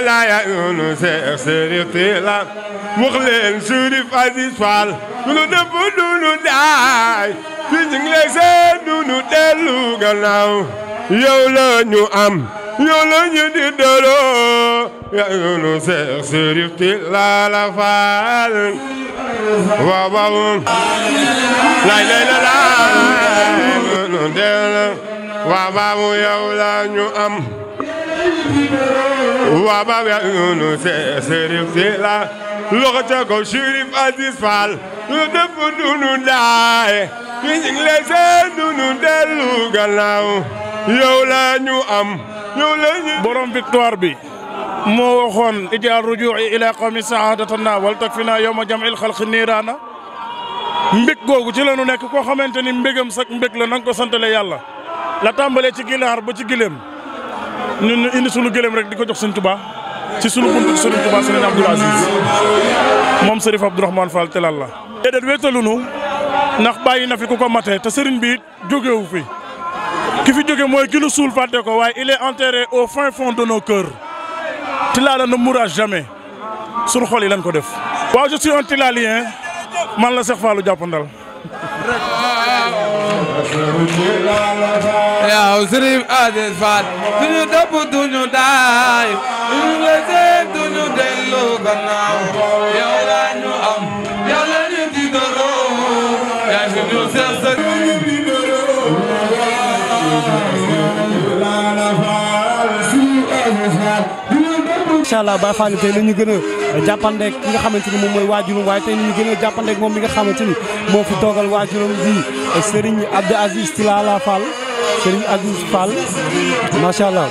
la ya Yunus Sëriñ Tilal wax leen Chérif Aziz Fall lu def du nu daay ci jingle seen du nu dellu gannaaw yow la ñu am yow la ñu di doro ya Yunus Sëriñ Tilal Fall waaw waaw lay lay la laay nu dellu waaw waaw yow la ñu am وما يونس سيرف سيلا لغتك شريف عزيز فال يدف نون داي يجلس نون دلو غلاو yow la ñu am yow la ñu. borom victoire bi moo waxoon ijaar rujuuci ila qawmi saadatana wal takfina yowma jamil xalqi niiraana mbég googu ci la nekk koo xamante ni mbégam sa mbég la na nga ko santale yàlla la tàmbalee ci ginaar ba ci gileem ñun ñu indi sunu gëléem rek di ko jox sëñ Touba ci sunu buntu sëriñ Touba sëriñ Abdoul Aziz moom sërif Abdourahmane Fall telal la déedéet wéetalunu ndax bàyyi na fi ku ko matee te sëriñ bi jógewu fi ki fi jóge mooy ki nu suul fàtte ko waaye il est enterré au fin fond de nos cœurs Tilala ne mourra jamais sunu xol yi lañ ko def waaw je suis un tilalien man la Cheikh Fallou jàppandal yow Sëriñ Aziz Fall suñu dëpp duñu daay incha allah Baye Fall tey la ñu gën a jàppandeeg ki nga xamante ni moom mooy waajurum waaye tey la ñu gën a jàppandeeg moom mi nga xamante ni moo fi toogal waajurum di Serigne Abdou Aziz Tilala Fall Serigne Aziz Fall macha allah.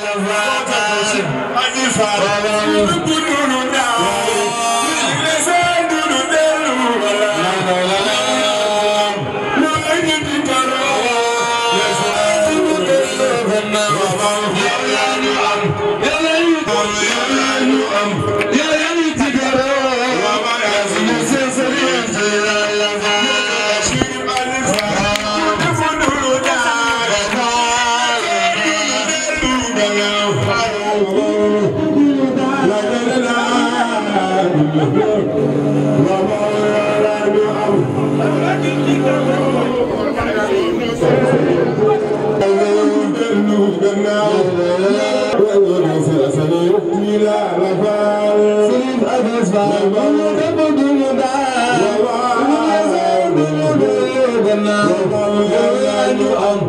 Thank you.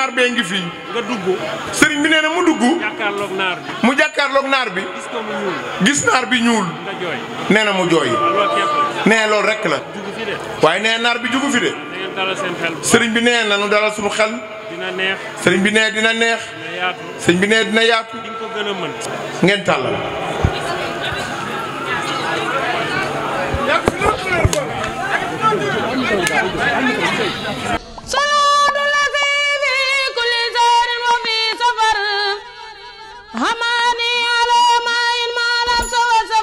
naar bee ngi fii. nga dugg. sëriñ bi nee na mu dugg. naar bi. mu gis bi ñuul. nee na mu jooy. nee loolu rek naar bi jugu sëriñ bi nee na nu dalal suñu xel. dina neex. sëriñ bi nee dina neex. sëriñ bi nee dina yaatu. di nga ko ngeen tàllal.